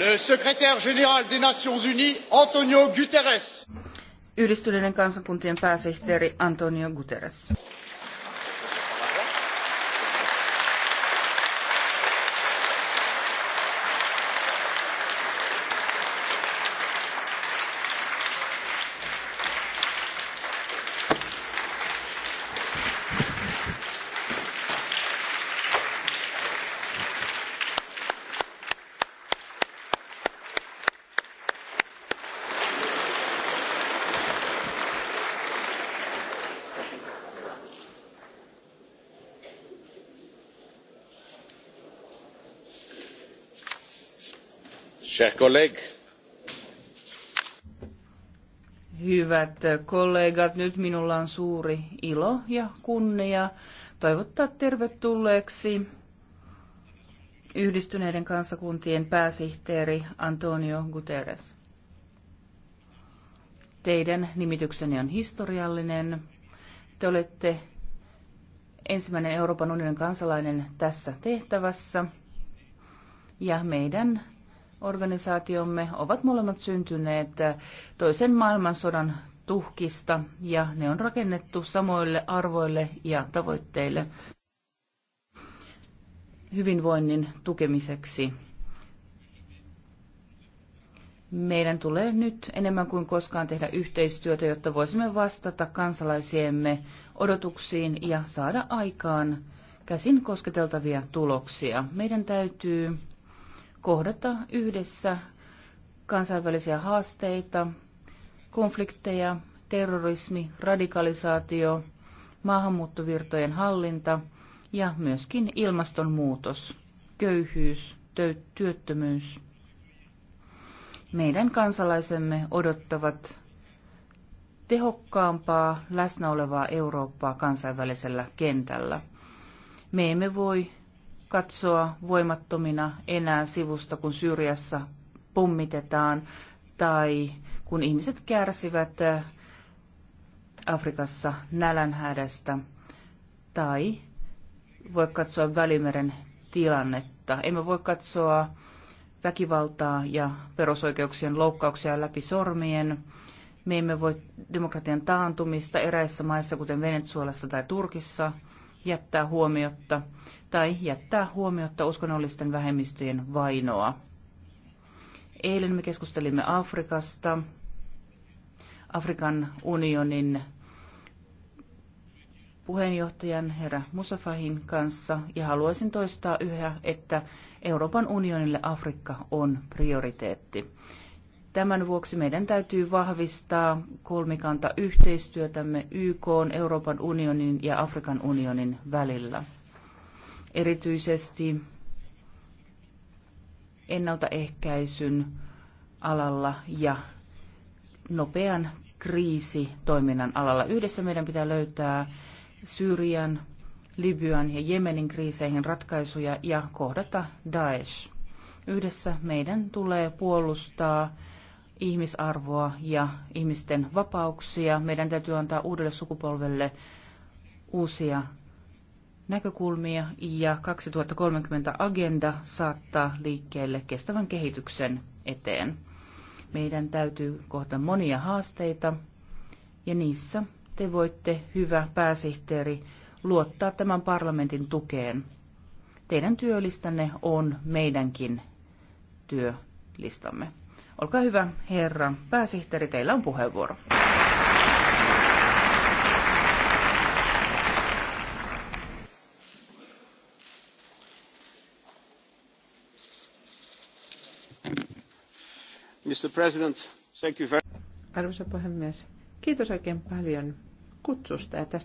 le secrétaire général des Nations Unies, Antonio Guterres. Yhdistyneiden kansakuntien pääsihteeri Antonio Guterres. Chers collègues. Hyvät kollegat, nyt minulla on suuri ilo ja kunnia toivottaa tervetulleeksi yhdistyneiden kansakuntien pääsihteeri Antonio Guterres. Teidän nimityksenne on historiallinen. Te olette ensimmäinen Euroopan unionin kansalainen tässä tehtävässä. Ja meidän organisaatiomme ovat molemmat syntyneet toisen maailmansodan tuhkista ja ne on rakennettu samoille arvoille ja tavoitteille hyvinvoinnin tukemiseksi. Meidän tulee nyt enemmän kuin koskaan tehdä yhteistyötä, jotta voisimme vastata kansalaisiemme odotuksiin ja saada aikaan käsin kosketeltavia tuloksia. Meidän täytyy kohdata yhdessä kansainvälisiä haasteita, konflikteja, terrorismi, radikalisaatio, maahanmuuttovirtojen hallinta ja myöskin ilmastonmuutos, köyhyys, työttömyys. Meidän kansalaisemme odottavat tehokkaampaa läsnä olevaa Eurooppaa kansainvälisellä kentällä. Me emme voi katsoa voimattomina enää sivusta, kun Syyriassa pommitetaan tai kun ihmiset kärsivät äh, Afrikassa nälänhädästä tai voi katsoa Välimeren tilannetta. Emme voi katsoa väkivaltaa ja perusoikeuksien loukkauksia läpi sormien. Me emme voi demokratian taantumista eräissä maissa, kuten Venezuelassa tai Turkissa, jättää huomiotta tai jättää huomiotta uskonnollisten vähemmistöjen vainoa. Eilen me keskustelimme Afrikasta, Afrikan unionin puheenjohtajan herra Musafahin kanssa ja haluaisin toistaa yhä, että Euroopan unionille Afrikka on prioriteetti. Tämän vuoksi meidän täytyy vahvistaa kolmikanta yhteistyötämme YK, Euroopan unionin ja Afrikan unionin välillä. Erityisesti ennaltaehkäisyn alalla ja nopean kriisitoiminnan alalla. Yhdessä meidän pitää löytää Syyrian, Libyan ja Jemenin kriiseihin ratkaisuja ja kohdata Daesh. Yhdessä meidän tulee puolustaa ihmisarvoa ja ihmisten vapauksia. Meidän täytyy antaa uudelle sukupolvelle uusia näkökulmia ja 2030 agenda saattaa liikkeelle kestävän kehityksen eteen. Meidän täytyy kohta monia haasteita ja niissä te voitte, hyvä pääsihteeri, luottaa tämän parlamentin tukeen. Teidän työlistanne on meidänkin työlistamme. Olkaa hyvä, herra pääsihteeri, teillä on puheenvuoro. Mr. President, thank you very... Arvoisa puhemies, kiitos oikein paljon kutsusta ja tästä